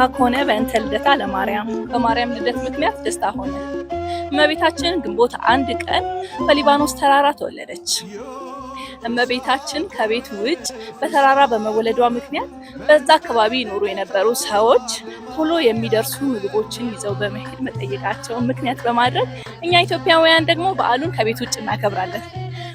ሆነ ኮነ በእንተ ልደታ ለማርያም በማርያም ልደት ምክንያት ደስታ ሆነ። እመቤታችን ግንቦት አንድ ቀን በሊባኖስ ተራራ ተወለደች። እመቤታችን ከቤት ውጭ በተራራ በመወለዷ ምክንያት በዛ አካባቢ ይኖሩ የነበሩ ሰዎች ቶሎ የሚደርሱ ምግቦችን ይዘው በመሄድ መጠየቃቸውን ምክንያት በማድረግ እኛ ኢትዮጵያውያን ደግሞ በዓሉን ከቤት ውጭ እናከብራለን።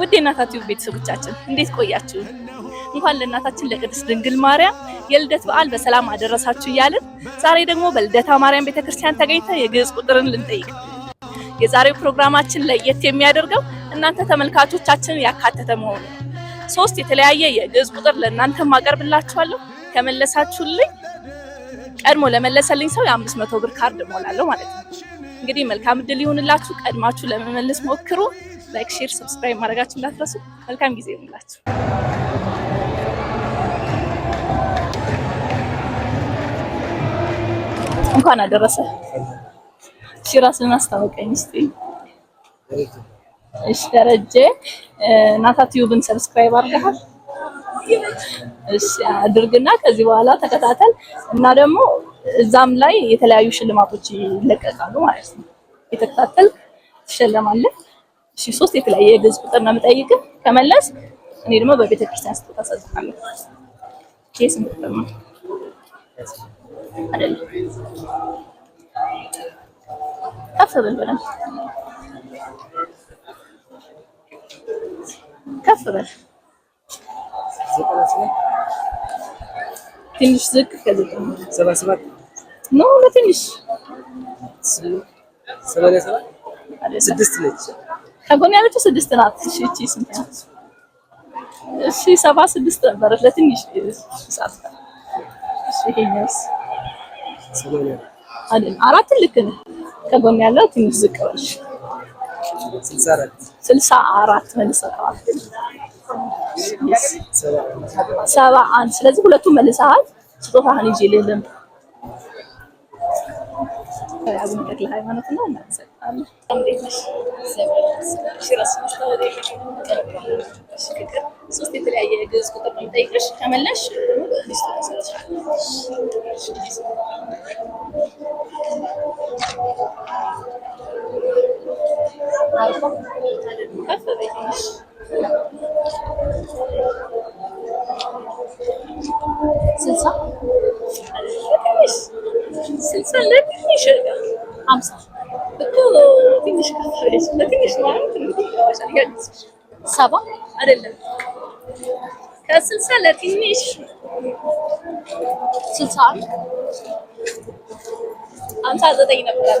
ውድ የእናታችሁ ቤተሰቦቻችን እንዴት ቆያችሁ? እንኳን ለእናታችን ለቅድስት ድንግል ማርያም የልደት በዓል በሰላም አደረሳችሁ እያልን ዛሬ ደግሞ በልደታ ማርያም ቤተክርስቲያን ተገኝተን የግዕዝ ቁጥርን ልንጠይቅ የዛሬው ፕሮግራማችን ለየት የሚያደርገው እናንተ ተመልካቾቻችንን ያካተተ መሆኑ ሶስት የተለያየ የግዕዝ ቁጥር ለእናንተ ማቀርብላችኋለሁ። ከመለሳችሁልኝ ቀድሞ ለመለሰልኝ ሰው የአምስት መቶ ብር ካርድ እሞላለሁ ማለት ነው። እንግዲህ መልካም እድል ይሁንላችሁ። ቀድማችሁ ለመመለስ ሞክሩ። ላይክ፣ ሼር፣ ሰብስክራይብ ማድረጋችሁ እንዳትረሱ። መልካም ጊዜ ይሁንላችሁ። እንኳን አደረሰ። እሺ ራስን አስታውቀኝ እስቲ። እሺ ደረጀ ናታ ቲዩብን ሰብስክራይብ አድርገሃል? እሺ አድርግና ከዚህ በኋላ ተከታተል እና ደግሞ እዛም ላይ የተለያዩ ሽልማቶች ይለቀቃሉ ማለት ነው። የተከታተል ትሸለማለህ። እሺ ሶስት የተለያየ የግዕዝ ቁጥር ነው የምጠይቅህ። ከመለስ እኔ ደግሞ በቤተክርስቲያን ስጦታ እሰጥሃለሁ። ኬስ ስንት አይደለም። ከፍ በል በደምብ ከፍ በል ትንሽ ዝቅ ከዚህ ሰባት ነው ለትንሽ ስድስት ነች። ከጎን ያለችው ስድስት ናት። እሺ ስንት ናት? እሺ ሰባ ስድስት ነበረች ለትንሽ ሰዓት። እሺ ይሄኛውስ አይደል? አራትን ልክ ነህ። ከጎን ያለው ትንሽ ዝቅ ብለሽ ስልሳ አራት መልሰሃል። ሰባ አንድ ስለዚህ ሁለቱም መልሰሃል። ስጦታህን ይዤ ልህ አቡነ ተክለ ሃይማኖት ነው። እናመሰግናለን። እንዴት ነሽ? ሶስት የተለያየ ግዕዝ ቁጥር ነው የምጠይቅሽ። ከመለሽ ስልሳ ትንሽ ስልሳ ለትንሽ ሀምሳ እኮ ትንሽ ከፍ ብለሽ ለትንሽ ማለት ሰባ አይደለም ከስልሳ ለትንሽ ስልሳ አንድ ሀምሳ ዘጠኝ ነበር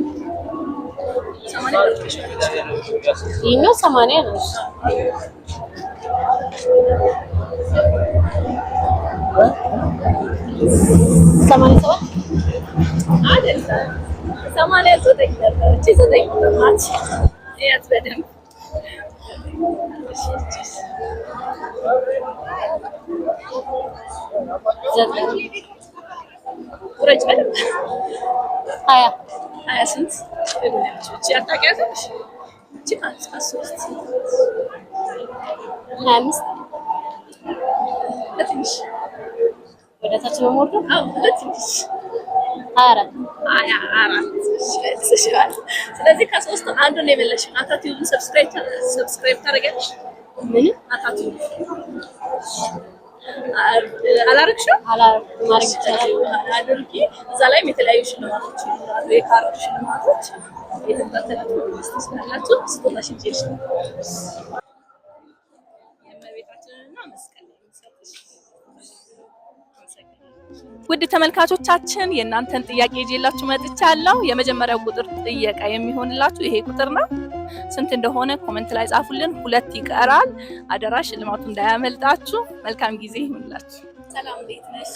E mil samarinos? É samarinos? Ah, deles. Samarinos, é tudo aqui. Tá? Tudo aqui. Tudo tá? aqui. E é, as vedem. Zedem. Por aí, vedem. Ah, é. ሀያ ስንት አታውቂያትም? ሀያ አምስት በትንሽ ወደ ታች ነው የምወርደው። በትንሽ ሀያ አራት ሀያ አራት ስለዚህ ከሶስት አንዱን ነው የመለስሽው። አታቲዩብን ሰብስክራይብ ታደርጊያለሽ? ምን አታቲዩብ አላረግሽም? አድርጊ። እዛ ላይም የተለያዩ ሽልማቶች ይኖራሉ። የካሮት ሽልማቶች የተከታተላችሁ ስላላችሁ ስጦታሽ ይዤልሽ ውድ ተመልካቾቻችን የእናንተን ጥያቄ ይዤላችሁ መጥቻለሁ። የመጀመሪያው ቁጥር ጥየቃ የሚሆንላችሁ ይሄ ቁጥር ነው። ስንት እንደሆነ ኮመንት ላይ ጻፉልን። ሁለት ይቀራል። አደራ ሽልማቱ እንዳያመልጣችሁ። መልካም ጊዜ ይሁንላችሁ። ሰላም፣ እንዴት ነሽ?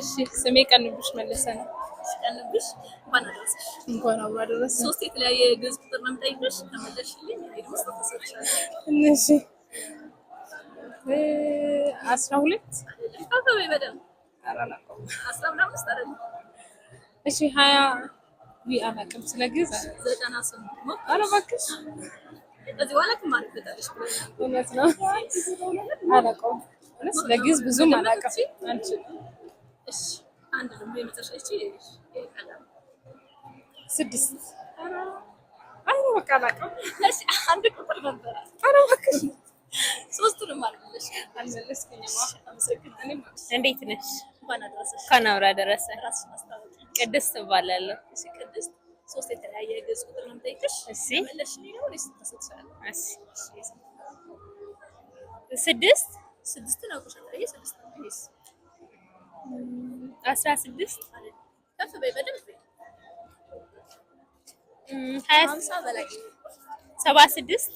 እሺ፣ ስሜ ቀንብሽ መለሰ ነው። ቀንብሽ፣ እንኳን አደረሰሽ። እንኳን አብሮ አደረሰ። ሶስት የተለያየ ግዕዝ ቁጥር ነው የምጠይቅሽ፣ ተመለሽልኝ። እሺ፣ አስራ ሁለት አስራ አምስት ውስጥ አይደለም። እሺ፣ ሀያ አላውቅም ስለ ግዕዝ ኧረ እባክሽ እውነት ነው አላውቀውም ስለ ግዕዝ ብዙም አላውቅም ስድስት አረ በቃ አላውቅም አንድ ቁጥር ነበረ እባክሽ ሶስቱንም አልመለስኩኝም እንዴት ነሽ እንኳን አብራ ደረሰ ቅድስት ትባላለሁ። እሺ ቅድስት፣ ሶስት የተለያየ ገጽ ቁጥር ነው የምጠይቅሽ። እሺ ስድስት ስድስት ነው አስራ ስድስት ከፍ በይ በደምብ ሰባ ስድስት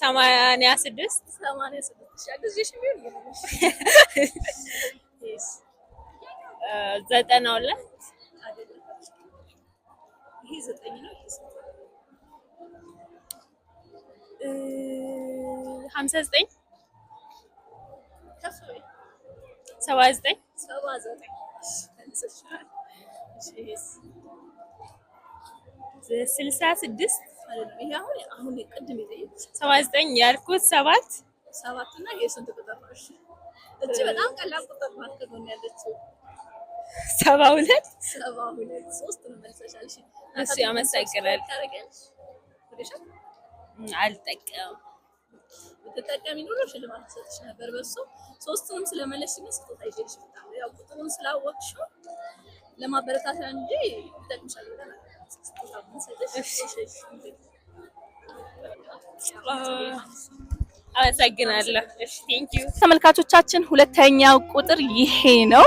ሰማንያ ስድስት ዘጠና ሁለት ሀምሳ ዘጠኝ ሰባ ዘጠኝ ስልሳ ስድስት ሰባ ዘጠኝ ያልኩት ሰባት ሰባት እና የስንት ቁጥር ነው? በጣም ቀላል ቁጥር ናት ከጎን ያለችው ሰባ ሁለት ሰባ ሁለት ሶስት ነው መልሰሻል። እሺ ያመሰግናል። አልጠቀም ብትጠቀሚ ኖሮ ሽልማት ትሰጥሽ ነበር። በሱ ሶስቱንም ስለመለስሽ ስጦታ ይዤልሽ በጣም ያው ቁጥሩን ስላወቅሽው ለማበረታታ እንጂ ይጠቅምሻል ብለን አመሰግናለሁ። ተመልካቾቻችን ሁለተኛው ቁጥር ይሄ ነው።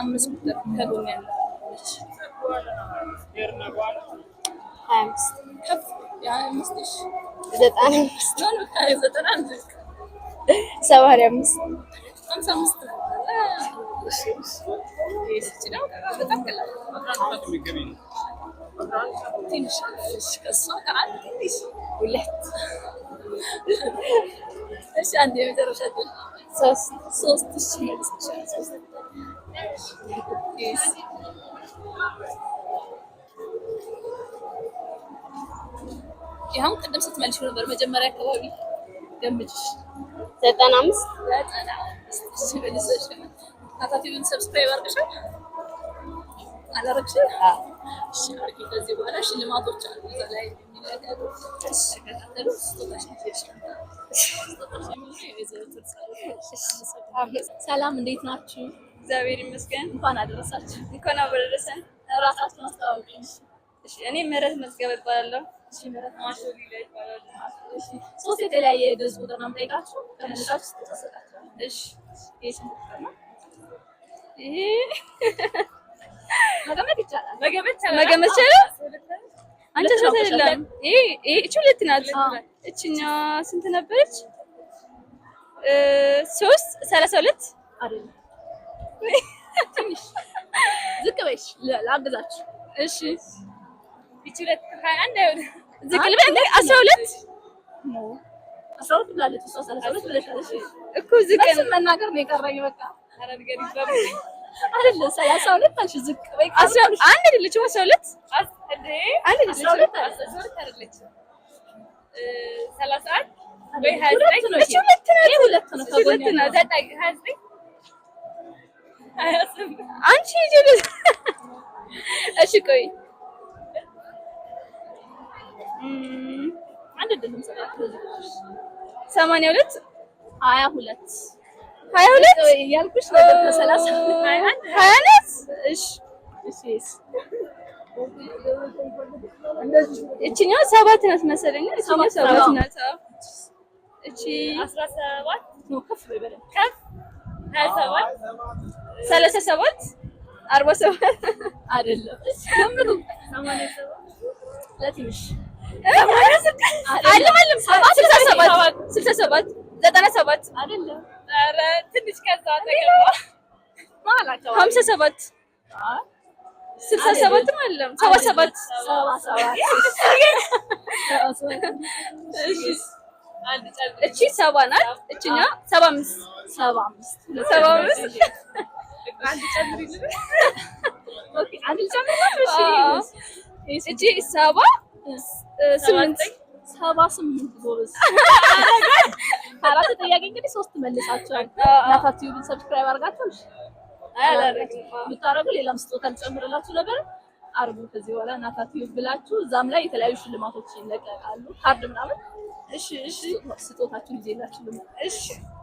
አምስት ቁጥር ከጎን ያለች ሀያ አምስት ከፍ የሀያ አምስትሽ ዘጠና አምስት ዘጠና አምስት ሰባ አምስት ሀምሳ አምስት ሁለት አንድ የመጨረሻ ሶስት ሶስት ሺ Yes. ይኸው ቅድም ስትመልሽ ነበር መጀመሪያ አካባቢ ገምችሽ ዘጠና አምስት ሰብስክራይብ በኋላ ሽልማቶች አሉ ሰላም፣ እንዴት ናችሁ? እግዚአብሔር ይመስገን። እንኳን አደረሳችሁ። እንኳን አደረሰን። ራሳችሁን አስተዋውቁ። እሺ፣ እኔ ምህረት መዝገበ እባላለሁ። እሺ፣ ምህረት ማሽሊ ላይ ይባላል። እሺ፣ ሶስት የተለያየ ደስ ቁጥር ነው የምጠይቃችሁ። ከመሻችሁ ተሰጣችሁ። እሺ፣ እሺ፣ ይሄ መገመት መገመት አንቺ ሰው አይደለም። ይሄ ይሄ እቺ ሁለት ናት። እቺኛ ስንት ነበረች? ሶስት ሰላሳ ሁለት አይደለም ትንሽ ዝቅ በይሽ ላግዛችሁ። እሺ ይቺ ሁለት ሀያ አንድ አይሆንም። ዝቅ ልበል አስራ አስራ ሁለት እኮ ዝቅ መናገር ነው የቀረኝ። በቃ አይደለ አንቺ እሺ፣ ቆይ ሰማንያ ሁለት ሀያ ሁለት ሀያ ሁለት ያልኩሽ ሀያ ሁለት እሺ፣ እሺ ሰባት ናት መሰለኝ። እችኛዋ ሰባት ናት። እቺ አስራ ሰባት ከፍ ሀያ ሰባት ሰላሳ ሰባት አርባ ሰባት አይደለም ሰባት ስልሳ ሰባት ዘጠና ሰባት አይደለም ሰባ ሰባ ናት። ሰባ አምስት ሰባ አምስት ሰባ ስምንት ሰባ ስምንት ጎበዝ። አራት ተጠያቂ እንግዲህ ሶስት መልሳችኋል። እናታችሁ ዩቲዩብን ሰብስክራይብ አድርጋችሁ ብታረጉ ሌላም ስጦታ ልጨምርላችሁ ነበር። አርቡ ከዚህ በኋላ እናታችሁ ዩቲዩብ ብላችሁ እዛም ላይ የተለያዩ ሽልማቶች ይለቀቃሉ፣ ካርድ ምናምን። እሺ፣ እሺ፣ ስጦታችሁን ይዤላችሁ ልምጣ። እሺ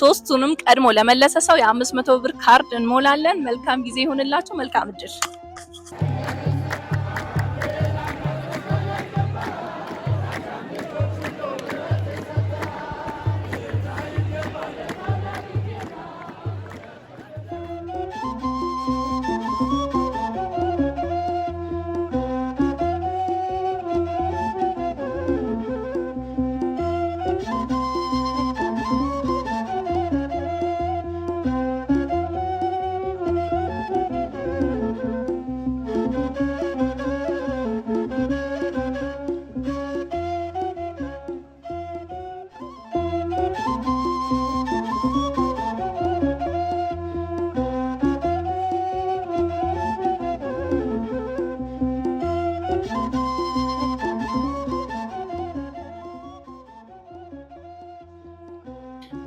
ሶስቱንም ቀድሞ ለመለሰ ሰው የአምስት መቶ ብር ካርድ እንሞላለን። መልካም ጊዜ ይሁንላችሁ። መልካም እድል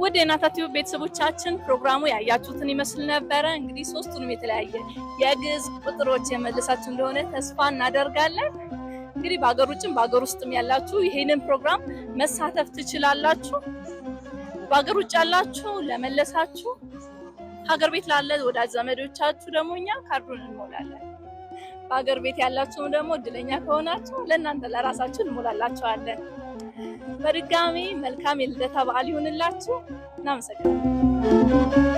ውድ የናታቲዩ ቤተሰቦቻችን ፕሮግራሙ ያያችሁትን ይመስል ነበረ። እንግዲህ ሶስቱንም የተለያየ የግዕዝ ቁጥሮች የመለሳችሁ እንደሆነ ተስፋ እናደርጋለን። እንግዲህ በሀገር ውጭም በሀገር ውስጥም ያላችሁ ይሄንን ፕሮግራም መሳተፍ ትችላላችሁ። በሀገር ውጭ ያላችሁ ለመለሳችሁ፣ ሀገር ቤት ላለ ወዳጅ ዘመዶቻችሁ ደግሞ እኛ ካርዱን እንሞላለን። በሀገር ቤት ያላችሁም ደግሞ እድለኛ ከሆናችሁ ለእናንተ ለራሳችሁ እንሞላላችኋለን። በድጋሚ መልካም የልደታ በዓል ይሁንላችሁ። እናመሰግናለን።